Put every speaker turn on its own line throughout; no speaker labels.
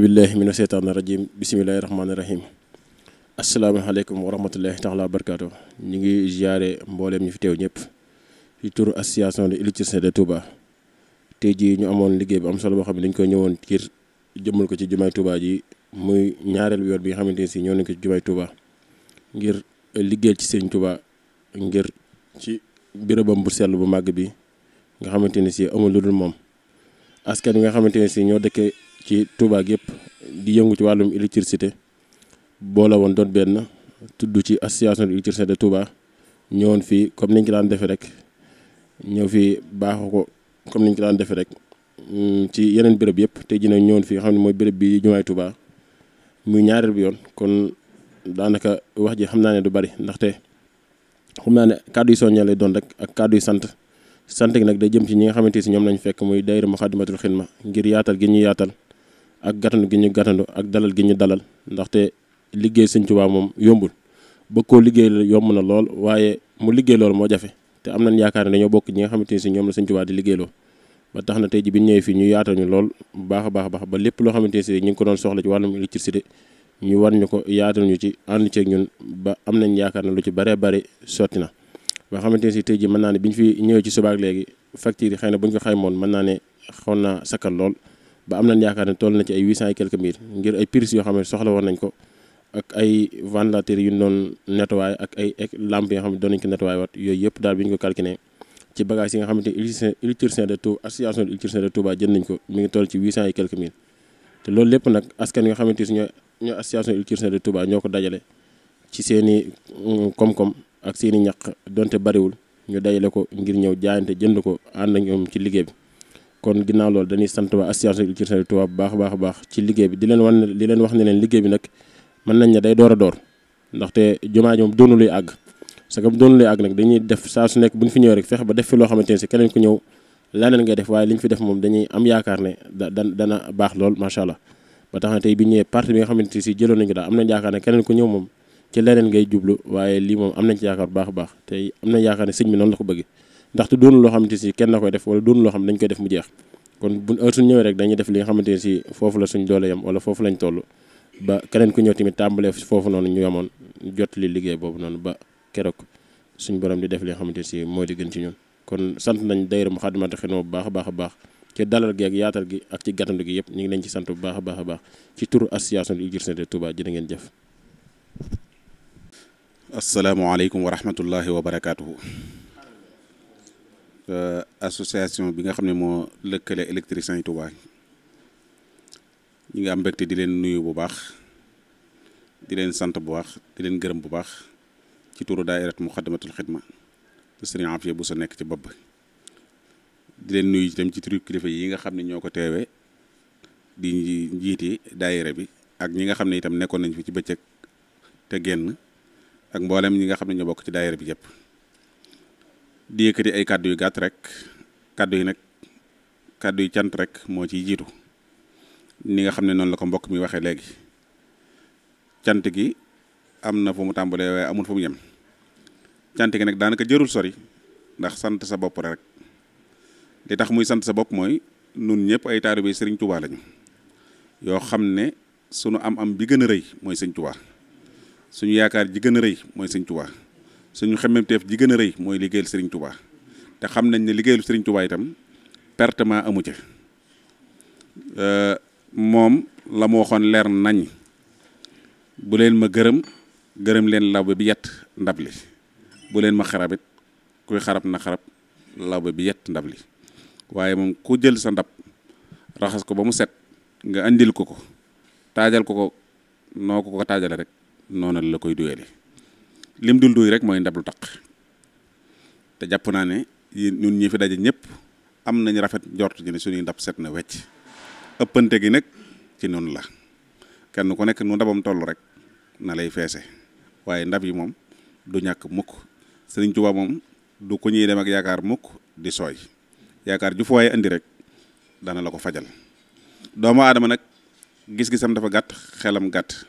billahi mina seytaani rajim bisimilahi rahmaani rahim asalaamaaleykum wa rahmatullahi taala wa barakaatu ñu ngi ziare mbooleem ñu fi teew ñëpp ci turu association de électricité de Touba tey jii ñu amoon liggéey bu am solo boo xam ne dañ koy ñëwoon ngir jëmmal ko ci jumaay Touba ji muy ñaareel yoon bi nga xamante ne si ñoo nañ ko ci jumaay Touba ngir liggéeyal ci sëñ Touba ngir ci bérébam bu sell bu màgg bi nga xamante ne si amul lu dul moom askan bi nga xamante ne si ci Touba yëpp di yëngu ci wàllum électricité boole woon doon benn tudd ci association de électricité de Touba ñëwoon fii comme niñ ko daan defee rek ñëw fii baaxu ko comme niñ ko daan defee rek mm, ci yeneen béréb yëpp te ji nag ñëwoon fii xam ne mooy béréb bi jumaay Touba muy ñaareel bi yoon kon daanaka wax ji xam naa ne du bari ndaxte xam naa ne kàddu yi soññee lay doon rek ak kàddu yu sant sant gi nag day jëm ci ñi nga xamante si ñoom lañ fekk muy daayira Muxaddamatul Xidma ngir yaatal gi ñuy yaatal ak gàttandu gi ñu gàttandu ak dalal gi ñu dalal ndaxte liggéey sëñ Tuubaa moom yombul bëgg koo liggéey la yomb na lool waaye mu liggéey loolu moo jafe te am nañ yaakaar ne bokk ñi nga xamante ne si ñoom la sëñ di liggéeyloo ba tax na tey ji bi ñu ñëwee fii ñu yaatal ñu lool bu baax a baax a lépp loo xamante ne ñu ngi ko doon soxla ci wàllum électricité ñu war ñu ko yaatal ñu ci ànd ceeg ñun ba am nañ yaakaar na lu ci bëree bëri sotti na ba xamante ne si tey ji mën naa ne bi ñu fi ñëwee ci subaak léegi facture yi xëy na bu ñu ko xaymoon mën naa ne xaw naa sakkal lool ba am nañ yaakaar ne toll na ci ay huit cent et quelques mille ngir ay prises yoo xam ne soxla woon nañ ko ak ay ventilateurs yu ñu doon nettoyé ak ay lampes yoo xam ne doon nañ ko nettoyé waat yooyu yëpp daal bi ñu ko calculé ci bagage yi nga xamante ni électricien de Touba association de électricien de jënd nañ ko mi ngi toll ci huit cent et quelques mille te loolu lépp nag askan yi nga xamante ni ñoo ñoo association de électricien de Touba ñoo ko dajale ci seen i mm, koom ak seen i ñaq donte bariwul ñu dajale ko ngir ñëw jaayante jënd ko ànd ak ñoom ci liggéey bi kon ginnaaw loolu dañuy sant waa association culturelle a baax a baax ci liggéey bi di leen wan di wax ne leen liggéey bi nag mën nañ ne day door a door ndaxte jumaa ji moom doonu luy àgg parce que bu doonu luy àgg nag def saa su nekk bu ñu fi ñëw fexe ba def fi loo xamante ne si keneen ku ñëw ñu fi def moom dañuy am yaakaar ne da dana baax lool macha allah ba tax na tey bi ñëwee parti bi nga xamante ne si jëloon nañu ko daal am nañ yaakaar ne keneen ku ñëw moom ci leneen ngay jublu waaye lii moom am nañ ci yaakaar baax a baax tey am nañ yaakaar ne sëñ bi noonu la ko bëgg ndaxte doonu loo xamante si kenn na koy def wala doonu loo xam dañ koy def mu jeex kon bu suñ ñëwee rek dañuy def li nga xamante ne si foofu la suñ doole yam wala foofu lañ toll ba keneen ku ñëw tamit tàmbalee foofu noonu ñu amoon jot li liggéey boobu noonu ba keroog suñ borom di def li nga xamante si moo di gën ci ñun kon sant nañ daayira Moukhaddamatoul Khidma bu baax a baax a baax ci dalal gi ak yaatal gi ak ci gàttandu gi yëpp ñu ngi lañ ci sant bu baax a baax a baax ci turu association du Hizbut Tarqiyyah Touba jërë ngeen jëf
asalaamaaleykum wa rahmatullahi wa barakaatuhu Euh, association bi nga xam ne moo lëkkale électricien yi Touba ñi nga am mbégte di leen nuyu bu baax di leen sant bu baax di leen gërëm bu baax ci turu daairat Muxaddamatul Xidma te sëriñ Afiya bu sa nekk ci bopp di leen nuyu itam ci turu kilifa yi nga xam ne ñoo ko teewee di njiiti daayira bi ak ñi nga xam ne itam nekkoon nañ fi ci bëccëg te génn ak mboolem ñi nga xam ne ñoo bokk ci daayira bi yëpp. di yëkkati ay kàddu yu gàtt rek kàddu yi nag kàddu yu cant rek moo ciy jiitu ni nga xam ne noonu la ko mbokk mi waxee léegi cant gi am na fu mu tàmbalee waaye amul fu mu yem cant gi nag daanaka jërul sori ndax sant sa bopp rek li tax muy sant sa bopp mooy noonu ñëpp ay taalibe sëriñ Tuubaa lañu yoo xam ne sunu am-am bi gën a rëy mooy sëñ Tuubaa suñu yaakaar ji gën a rëy mooy sëñ suñu xemmemteef ji gën a rëy mooy liggéeyal Serigne Touba te xam nañ ne liggéeyal Serigne Touba itam pertement amu ca euh, moom la mu waxoon leer nañ bu leen ma gërëm gërëm leen lawbe bi yett ndab li bu leen ma xarabit kuy xarab na xarab lawbe bi yett ndab li waaye moom ku jël sa ndab raxas ko ba mu set nga andil ko ko taajal ko ko noo ko ko taajale rek noonu la koy duwele lim dul duy rek mooy ndab lu taq te jàpp naa ne yéen ñun ñi fi daje ñëpp am nañ rafet njort ji ne suñuy ndab set na wecc ëppante gi nag ci noonu la kenn ku nekk nu ndabam toll rek na lay feese waaye ndab yi moom du ñàkk mukk Sëriñ Tuubaa moom du ko ñuy dem ak yaakaar mukk di sooy yaakaar ju fa indi rek dana la ko fajal doomu aadama nag gis-gisam dafa gàtt xelam gàtt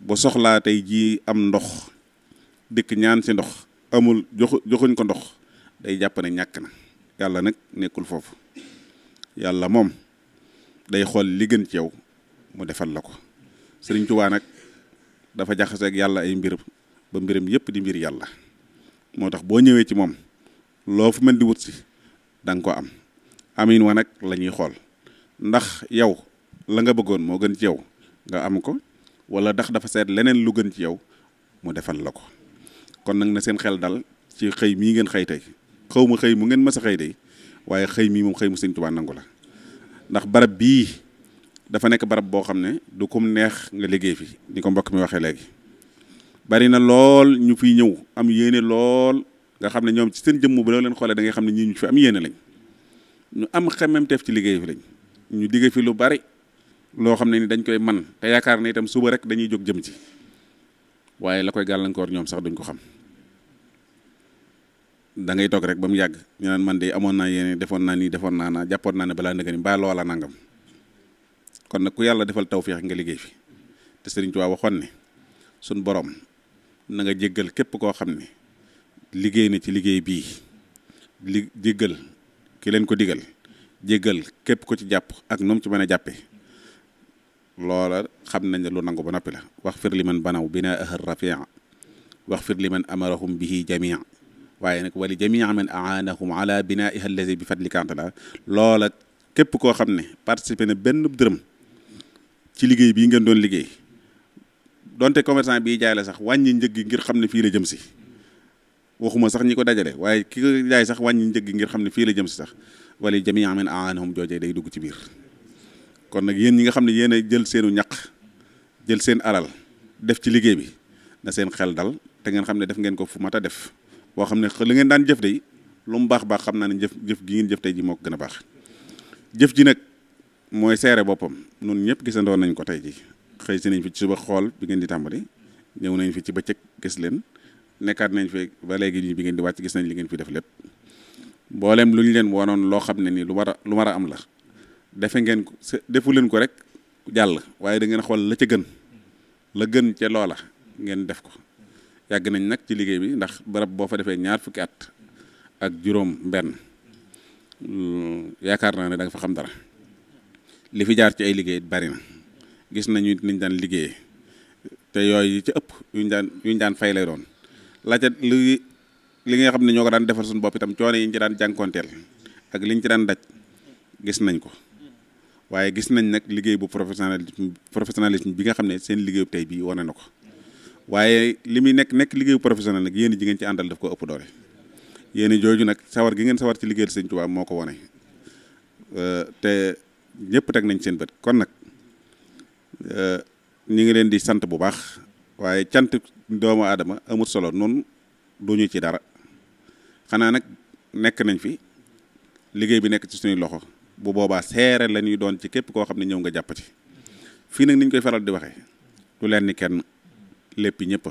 bu soxlaa tey jii am ndox dikk ñaan si ndox amul joxu joxuñ ko ndox day jàpp ne ñàkk na yàlla nag nekkul foofu yàlla moom day xool li gën ci yow mu defal la ko Sëriñ Tuubaa nag dafa jaxase yàlla ay mbir ba mbiram yépp di mbir yàlla moo tax boo ñëwee ci moom loo fu mën di wut si da nga ko am amin wa nag ñuy xool ndax yow la nga bëggoon moo gën ci nga am ko wala ndax dafa seet leneen lu gën ci yow mu defal la ko kon nag na seen xel dal ci xëy mii ngeen xëy tey ma xëy mu ngeen mës a xëy tey waaye xëy mii moom xëy mu sëñ Tuubaa nangu la ndax barab bii dafa nekk barab boo xam ne du kum neex nga liggéey fi ni ko mbokk mi waxee léegi bari na lool ñu fiy ñëw am yéene lool nga xam ne ñoom ci seen jëmm ba loo leen xoolee da xam ne ñii ñu fi am yéene lañ ñu am xemmemteef ci liggéey fi lañ ñu digge fi lu bari loo xam ne ni dañ koy man te yaakaar na itam suba rek dañuy jóg jëm ci waaye la koy gàllankoor ñoom sax duñ ko xam da ngay toog rek ba mu yàgg ñu man de amoon naa yéene defoon naa nii defoon naa naa jàppoon naa ne balaa nga ni mbaa loola nangam kon nag ku yàlla defal tawféex nga liggéey fi te Sëriñ Tuubaa waxoon ne sun borom nanga nga képp koo xam ne liggéey na ci liggéey bii li ki leen ko digal jéggal képp ko ci jàpp ak noom ci mën jàppe loola xam nañ ne lu nangu ba noppi la wax fir li man banaw bina ahar rafia wax fir li man amarahum bihi jamia waaye nag wali jamia man aanahum ala binaiha allazi bi fadlika antala loola képp koo xam ne participé na benn dërëm ci liggéey bii ngeen doon liggéey donte commerçant bii jaay la sax wàññi njëg gi ngir xam ne fii la jëm si waxuma sax ñi ko dajale waaye ki sax wàññi njëg gi ngir ne fii la jëm si sax wali jamia man aanahum joojee day dugg ci biir kon nag yéen yi nga xam ne yéen a jël seenu ñaq jël seen alal def ci liggéey bi na seen xel dal te ngeen xam ne def ngeen ko fu mat a def boo xam ne li ngeen daan jëf de lu mu baax baax xam naa ne jëf jëf gi ngeen jëf tey ji moo ko gën a baax jëf ji nag mooy seere boppam noonu ñëpp gisandoo nañ ko tey ji xëy si nañ fi ci suba xool bi ngeen di tàmbali ñëw nañ fi ci bëccëg gis leen nekkaat nañ fi ba léegi ñi bi ngeen di wàcc gis nañ li ngeen fi def lépp mboolem lu ñu leen wanoon loo xam ne nii lu war a lu war a am la defe ngeen ko defu leen ko rek jàll waaye da ngeen xool la ca gën la gën ca loola ngeen def ko yàgg nañ nag ci liggéey bi ndax barab boo fa defee ñaar fukki at ak juróom benn euh, yaakaar naa ne da nga fa xam dara li fi jaar ci ay liggéey bari na gis nañu nit niñ daan liggéeyee te yooyu ci ëpp yuñ daan yuñ daan fay lay doon laajte li nga xam ne ñoo ko daan defar suñu bopp itam coono yi ñu daan jànkoonteel ak liñ ci daan daj gis nañ ko waaye gis nañ nag liggéey bu professionnalisme professionnalisme bi nga xam ne seen liggéeyu tey bii wane na ko. waaye li muy nekk nekk liggéeyu professionnel nag yéen ji ngeen ci àndal daf ko ëpp doole yéen jooju nag sawar gi ngeen sawar ci liggéeyal sëñ Tuubaa moo ko wane euh, te ñëpp teg nañ seen bët kon nag euh, ñu ngi leen di sant bu baax waaye cant doomu aadama amul solo noonu duñu ci dara xanaa nag nekk nañ fi liggéey bi nekk ci suñuy loxo bu boobaa seere la ñuy doon ci képp koo xam ne ñëw nga jàpp ci fii nag niñ koy faral di waxee du leen ni kenn. lépp ñëpp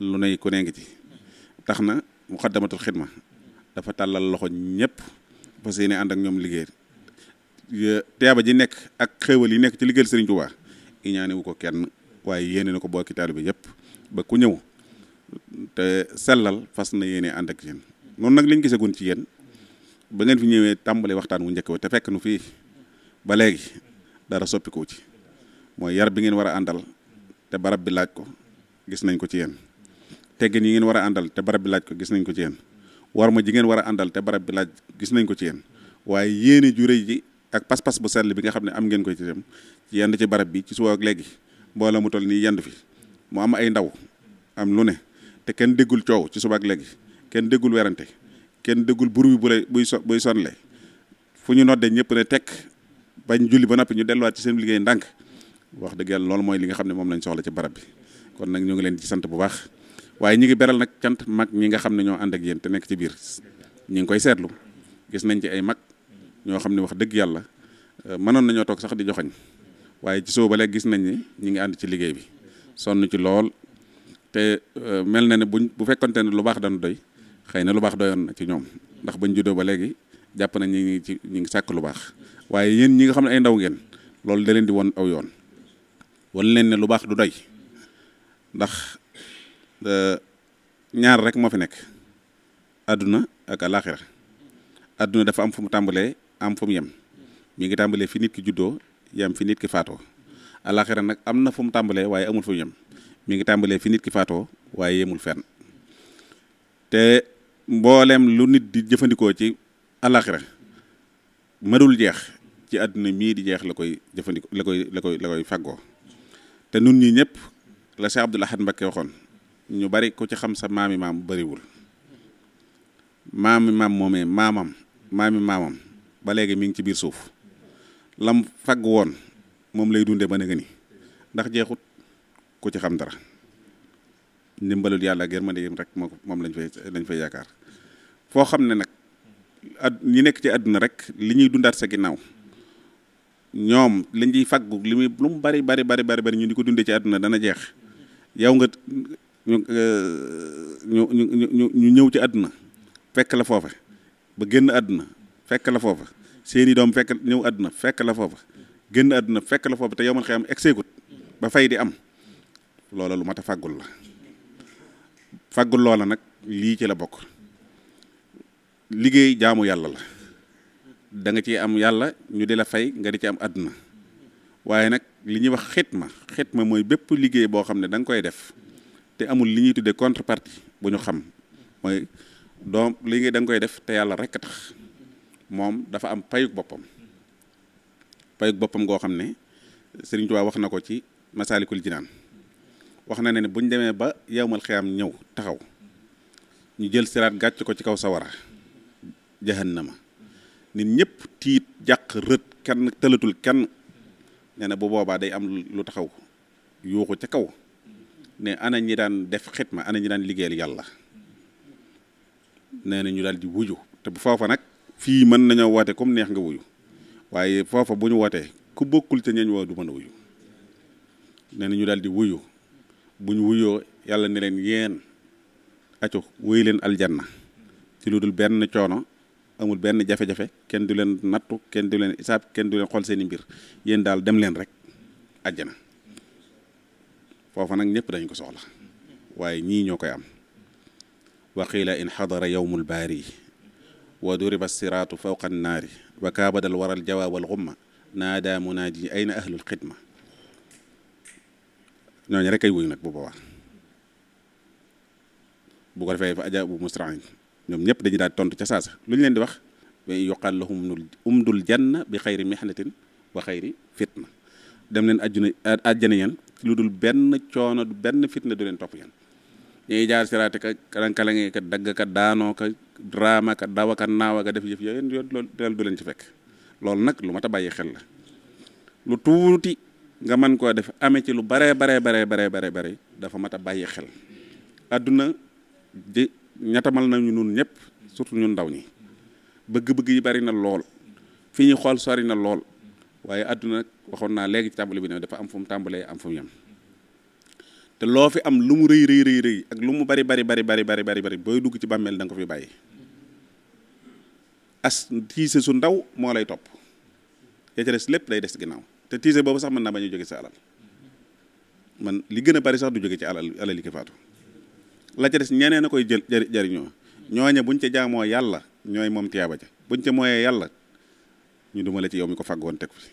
lu ne ku ne ngi ci tax na muqaddamatul xidma dafa tàllal loxo ñëpp parce que yéen ñoom liggéey teeba ji nekk ak xéewal yi nekk ci liggéeyal Serigne Touba ñaane wu ko kenn waaye yeneen ko bokki taalibe bi yëpp ba ku ñëw te sellal fas na yéene ànd ak yéen noonu nag liñ gisagun ci yéen ba ngeen fi ñëwee tàmbali waxtaan wu njëkk ba te fekk nu fii ba léegi dara soppikoo ci mooy yar bi ngeen war a àndal te barab bi laaj ko gis nañ ko ci yéen teggin yi ngeen war a àndal te barab bi laaj ko gis nañ ko ci yéen war ma ji ngeen war a àndal te barab bi laaj gis nañ ko ci yéen waaye yéene ju rëy ji ak pas-pas bu sell bi nga xam ne am ngeen ko ci dem ci yendu ci barab bi ci suba ak léegi mbooloo mu toll nii yendu fi mu am ay ndaw am lu ne te kenn déggul coow ci suba léegi kenn déggul werante kenn déggul buru bi bu lay buy son buy sonle fu ñu noddee ñëpp ne tekk bañ julli ba noppi ñu delluwaat ci seen liggéey ndànk wax dëgg yàlla loolu mooy li nga xam ne moom lañ soxla ci barab bi kon nag ñoo ngi leen ci sant bu baax waaye ñi ngi beral nag cant mag ñi nga xam ne ñoo ànd ak yéen te nekk ci biir ñu ngi koy seetlu gis nañ ci ay mag ñoo xam ne wax dëgg yàlla euh, mënoon nañoo toog sax di joxañ waaye ci soow ba léegi gis nañ ni ñu ngi ànd ci liggéey bi sonn ci lool te euh, mel na ne buñ bu fekkonte ne lu baax dañu doy xëy na lu baax doyoon na ci ñoom ndax bañ juddoo ba léegi jàpp nañ ñu ngi ci ñu ngi sàkk lu baax waaye yéen ñi nga xam ne ay ndaw ngeen loolu da di won aw yoon wan leen ne lu baax du doy ndax e, ñaar rek moo fi nekk adduna ak alaxira adduna dafa am fu mu tàmbalee am fu mu yem mi ngi tàmbalee fi nit ki juddoo yem fi nit ki faatoo alaxira nag am na fu mu tàmbalee waaye amul fu mu ngi tàmbalee fi nit ki faatoo waaye yemul fenn te mboolem lu nit di jëfandikoo ci alaxira madul jeex ci àdduna mii di jeex la koy jëfandikoo la koy la koy koy faggoo te nun ñi ñëpp la Cheikh Abdoul Ahad Mbacké waxoon ñu bari ku ci xam sa maami maam bariwul maami maam moomee maamam maami maamam ba léegi mi ngi ci biir suuf lam fag woon moom lay dundee ba nga ni ndax jeexut ku ci xam dara ndimbalul yàlla ak yërmande yim rek moo moom lañ fay lañ fay yaakaar foo xam ne nag ad ñi nekk ci àdduna rek li ñuy dundaat sa ginnaaw ñoom liñ ciy faggu li muy mu bari bari bari bari bari ñu di ko dundee ci àdduna dana jeex yow nga ñu ñu ñëw ci àdduna fekk la foofa ba génn àdduna fekk la foofa seeni doom fekk ñëw àdduna fekk la foofa génn àdduna fekk la foofa te yow man xëy am exécut ba fay di am loola lu mat a fàggul la fàggul loola nag lii ci la bokk liggéey jaamu yàlla la danga nga ciy am yàlla ñu di la fay nga di ci am àdduna waaye nag li ñuy wax ma xitma ma mooy bépp liggéey boo xam ne danga koy def te amul li ñuy tuddee contrepartie bu ñu xam mooy doom li ngay da koy def te yàlla rek tax moom dafa am payug boppam payug boppam goo xam ne Sëriñ Tuubaa wax na ko ci Masaalikul Jinaan wax na ne ne buñ demee ba yawmal xiyaam ñëw taxaw ñu jël siraat gàcc ko ci kaw sawara jahannama nit ñëpp tiit jàq rët kenn tëlatul kenn nee na bu boobaa day am lu taxaw yuuxu ca kaw ne ana ñi daan def ma ana ñi daan liggéeyal yàlla nee na ñu daal di wuju te bu foofa nag fii mën nañoo woote comme neex nga wuyu waaye foofa bu ñu wootee ku bokkul ca ñañ woo du mën a wuyu nee ñu daal di wuyu bu ñu wuyoo yàlla ne leen yéen aco wuyu leen na ci lu dul benn coono amul benn jafe-jafe kenn du leen nattu kenn du leen isaab kenn du leen xool seen i mbir yéen daal dem leen rek àjjana foofa nag ñëpp dañ ko soxla waaye ñii ñoo koy am wa qiila in xadara yowmul baari wa duriba siraatu fawqa annaari wa kaabadal waral jawaa wal xumma naada munaadi ayna ahlul xidma ñooñu rek ay wuyu nag bu boobaa bu ko defee fa aja bu ñoom ñëpp dañu daal tontu ca saasa lu ñu leen di wax yuqal lahum umdul janna bi xayri mihnatin wa xayri fitna dem leen ajjuna ajjana yeen lu dul benn coono benn fitna du leen topp yeen ñuy jaar siraate ka kalankalange ka dagg ka daanoo ka drama ka dawa ka naawa ka def yëf yooyu yooyu loolu du leen ci fekk loolu nag lu mat a bàyyi xel la lu tuuti nga mën koo def amee ci lu baree baree baree bare baree dafa mat a bàyyi xel àdduna ñettamal nañu noonu ñëpp surtout ñun ndaw ñi bëgg-bëgg yi bari na lool fi ñuy xool sori na lool waaye àdduna waxoon naa léegi ci tàmbali bi ne dafa am fu mu tàmbalee am fu mu te loo fi am lu mu rëy rëy rëy rëy ak lu mu bari bari bari bari bari bari bari booy dugg ci bàmmeel da nga ko fi bàyyi as tiise su ndaw moo lay topp ya ca des lépp day des ginnaaw te tiise boobu sax mën naa bañ jóge sa alal man li gën a bari sax du jóge ci alal alal li la ca des ñeneen a koy jël jëriñoo ñooñe buñ ca jaamoo yàlla ñooy moom tiyaaba ja buñ ca mooyee yàlla ñu dumale ci yow mi ko fàggoon teg fi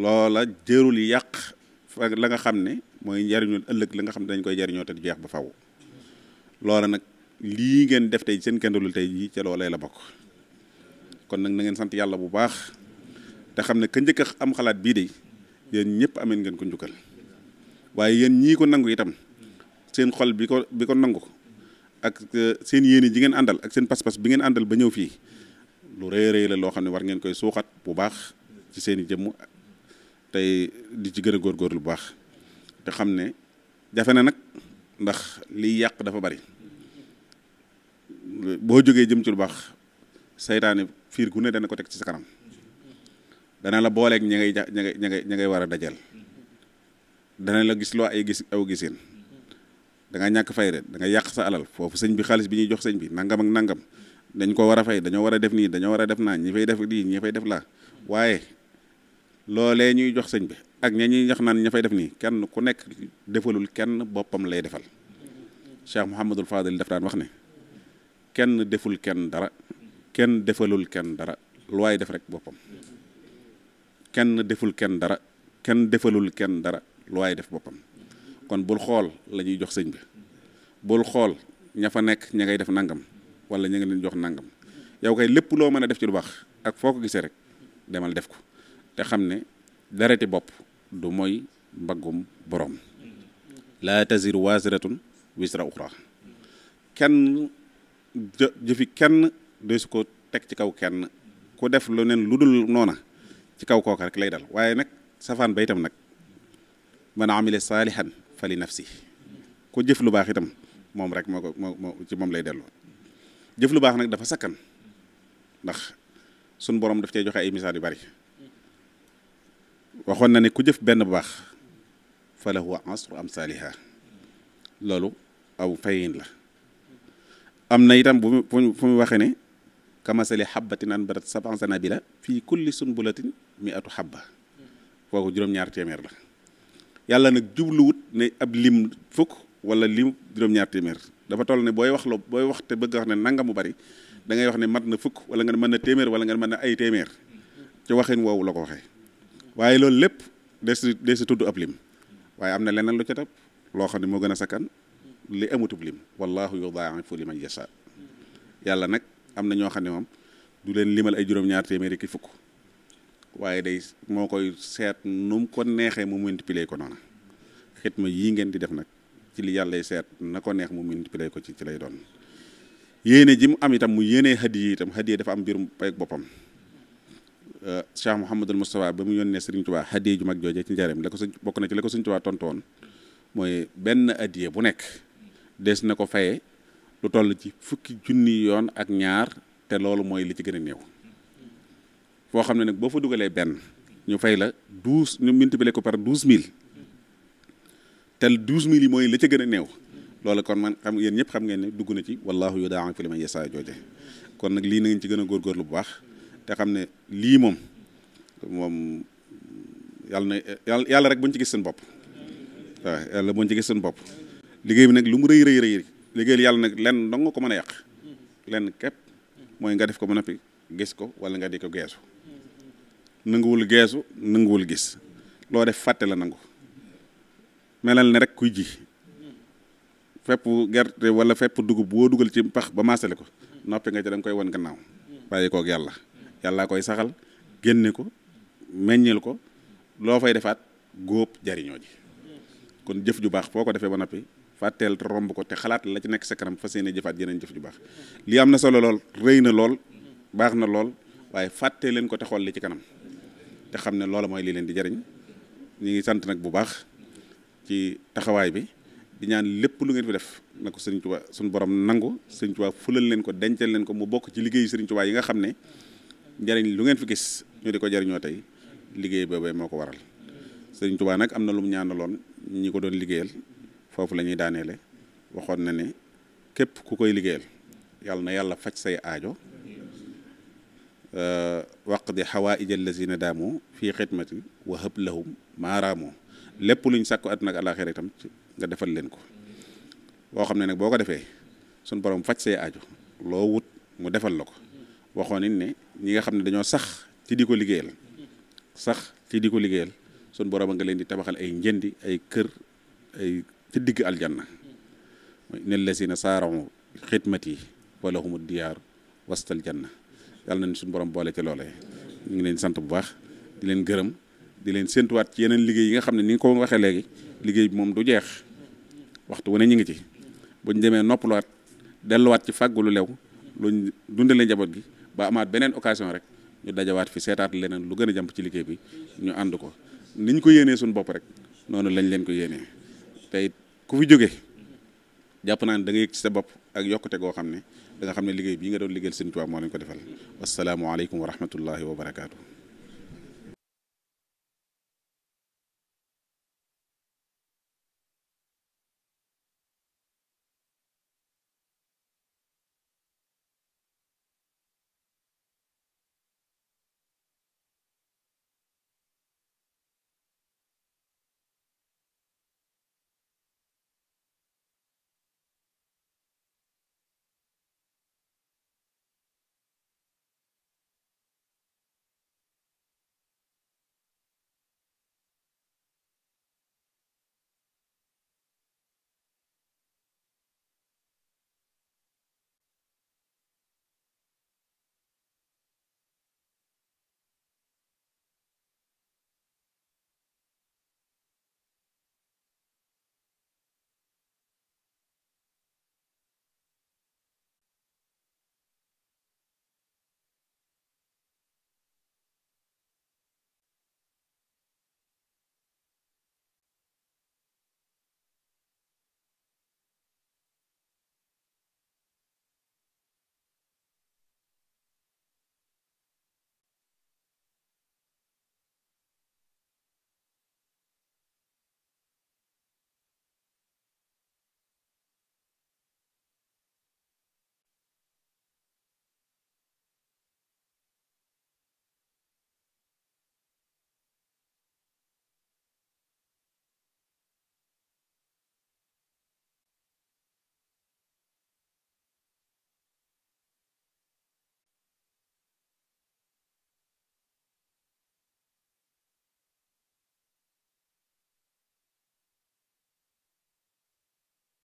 loola jërul yàq la nga xam ne mooy njariñul ëllëg la nga xam ne dañ koy jariñoo te jeex ba faw loola nag lii ngeen def tey seen kendalul tey jii ca loolee la bokk kon nag na ngeen sant yàlla bu baax te xam ne ka njëkk am xalaat bii de yéen ñëpp ameen ngeen ko njukkal waaye yéen ñii ko nangu itam seen xol bi ko bi ko nangu ak euh, seen yéene ji ngeen àndal ak seen pas-pas bi ngeen àndal ba ñëw fii lu rëy rëy la loo xam ne war ngeen koy suuxat bu baax ci seen i jëmm tey di ci gën a góorgóorlu bu baax te xam ne jafe na nag ndax liy yàq dafa bari boo jógee jëm ci lu baax saytaane fiir gu ne dana ko teg ci sa kanam dana la booleek ña ngay ja ña ngay ña ngay ña ngay war a dajal dana la gis loo ay gis aw giseen da ñàkk fay ren da nga yàq sa alal foofu sëñ bi xaalis bi ñuy jox sëñ bi nangam ak nangam dañ ko war a fay dañoo war a def nii dañoo war a def naa ñi fay def lii def laa waaye loolee ñuy jox sëñ bi ak ña ñuy jox naan ña fay def nii kenn ku nekk defalul kenn boppam lay defal Cheikh Mouhamadul Fadil daf daan wax ne kenn deful kenn dara kenn defalul kenn dara lu waay def rek boppam kenn deful kenn dara kenn defalul kenn dara lu def boppam kon bul xool la ñuy jox sëñ bi bul xool ña fa nekk ña ngay def nangam wala ña ngi leen jox nangam yow kay lépp loo mën a def ci lu baax ak foo ko gisee rek demal def ko te xam ne darati bopp du mooy mbaggum boroom laa taziru waziratun wisra uxra kenn jë jëfi kenn de su ko teg ci kaw kenn ku def lu neen lu dul noona ci kaw kooka rek lay dal waaye nag safaan ba itam nag man amila saalihan fali nafsi ku jëf lu baax itam moom rek moo ko moom lay delloo jëf lu baax nag dafa sakkan ndax suñ boroom daf cee joxe ay misaal yu bari waxoon na ne ku jëf benn bu baax falahu asru amsaaliha loolu aw fayin la am na yitam bu mu fu mu waxee ne kamasali xabbatin an barat sab'an sanabila fii kulli sunbulatin mi'atu xabba kooku juróom-ñaar téeméer la yàlla nag jubluwut ne ab lim fukk wala lim juróom-ñaar téeméer dafa toll ne booy wax lo booy wax te bëgg wax ne nanga mu bari da ngay wax ne mat na fukk wala nga mën na téeméer wala nga mën na ay téeméer ci waxin woowu la ko waxee waaye loolu lépp des si des tudd ab lim waaye am na leneen lu ca tab loo xam ne moo gën a sakkan li amutub lim wallahu yudaa'ifu liman yasha yàlla nag am na ñoo xam ne moom du leen limal ay juróom-ñaar téeméeri ki fukk waaye day moo koy seet num mu ko neexee mu multiplier ko noonu ma yii ngeen di def nag ci li yàllay seet na ko neex mu multiplier ko ci ci lay doon yéene ji mu am itam mu yéenee hadiya itam yi dafa am mbir payeg boppam euh, Cheikh Mouhamadul Moustapha ba mu yónnee Serigne Touba hadiya ju mag joojee ci njareem la ko suñ bokk na ci la ko Serigne Touba tontu mooy benn hadiya bu nekk des na ko faye lu toll ci fukki junni yoon ak ñaar te loolu mooy li ci gën a néew foo xam ne nag boo fa dugalee benn ñu fay la douze ñu multiplier ko par douze mille te douze mille yi mooy la ca gën a néew loolu kon man xam yéen ñëpp xam ngeen ne dugg na ci wallaahu yudaa'ifu liman yashaa jooje kon nag lii na ngeen ci gën a góorgóorlu bu baax te xam ne lii moom moom yàlla na yàlla yàlla rek buñ ci gis seen bopp waaw yàlla buñ ci gis seen bopp liggéey bi nag lu mu rëy rëy rëy liggéeyal yàlla nag lenn dong ko mën a yàq lenn képp mooy nga def ko ba noppi gis ko wala nga di ko geesu nanguwul geesu nanguwul gis loo def fàtte la nangu melal ne rek kuy ji fepp gerte wala fepp dugub boo dugal ci pax ba maasale ko noppi nga ci da nga koy wan gannaaw bàyyi koog yàlla yàllaa koy saxal génne ko meññeel ko loo fay defaat góob jariñoo ji kon jëf ju baax foo ko defee ba noppi fàtteel te romb ko te xalaat la ci nekk sa kanam fas yéene jëfaat yeneen jëf ju baax lii am na solo lool rëy na lool baax na lool waaye fàttee leen ko te xool li ci kanam te xam ne loola mooy lii leen di jariñ ñu ngi sant nag bu baax ci taxawaay bi di ñaan lépp lu ngeen fi def na ko sëriñ suñu borom nangu sëriñ Tuubaa fulal leen ko dencal leen ko mu bokk ci liggéey sëriñ yi nga xam ne njariñ lu ngeen fi gis ñu di ko jariñoo tey liggéey boobee moo ko waral sëriñ Tuubaa nag am na lu mu ñaanaloon ñi ko doon liggéeyal foofu la ñuy daaneele waxoon na ne képp ku koy liggéeyal yàlla na yàlla faj say aajo waqdi xawaaija allazina daamu fii xidmati wa hëb lahum maaraamu lépp luñ sakk àdduna ak àlaaxira nga defal leen ko boo xam ne nag boo ko defee suñ borom faj se ajo loo wut mu defal la ko waxoon it ne ñi nga xam ne dañoo sax ci di ko liggéeyal sax ci di ko liggéeyal suñ borom a nga leen di tabaxal ay njëndi ay kër ci digg aljanna mooy ne allazina saaramu xidmati wa lahumu diyaaru wastal janna yàlla nañ suñu borom boole ci loole ñu ngi leen sant bu baax di leen gërëm di leen séntuwaat ci yeneen liggéey yi nga xam ne ni nga ko waxee léegi liggéey bi moom du jeex waxtu wu ne ñu ngi ci buñ demee noppaluwaat delluwaat ci fàggu lu lew luñ dundale njaboot gi ba amaat beneen occasion rek ñu dajawaat fi seetaat leneen lu gën a jàmp ci liggéey bi ñu ànd ko niñ ko yéenee suñu bopp rek noonu lañ leen ko yéenee tey ku fi jóge jàpp naa ne da yëg ci sa bopp ak yokkute goo xam ne da xam ne liggéey bii nga doon liggéeyal Sëriñ Tuubaa moo lañ ko defal wasalaamualeykum wa rahmatullahi wa barakaatu.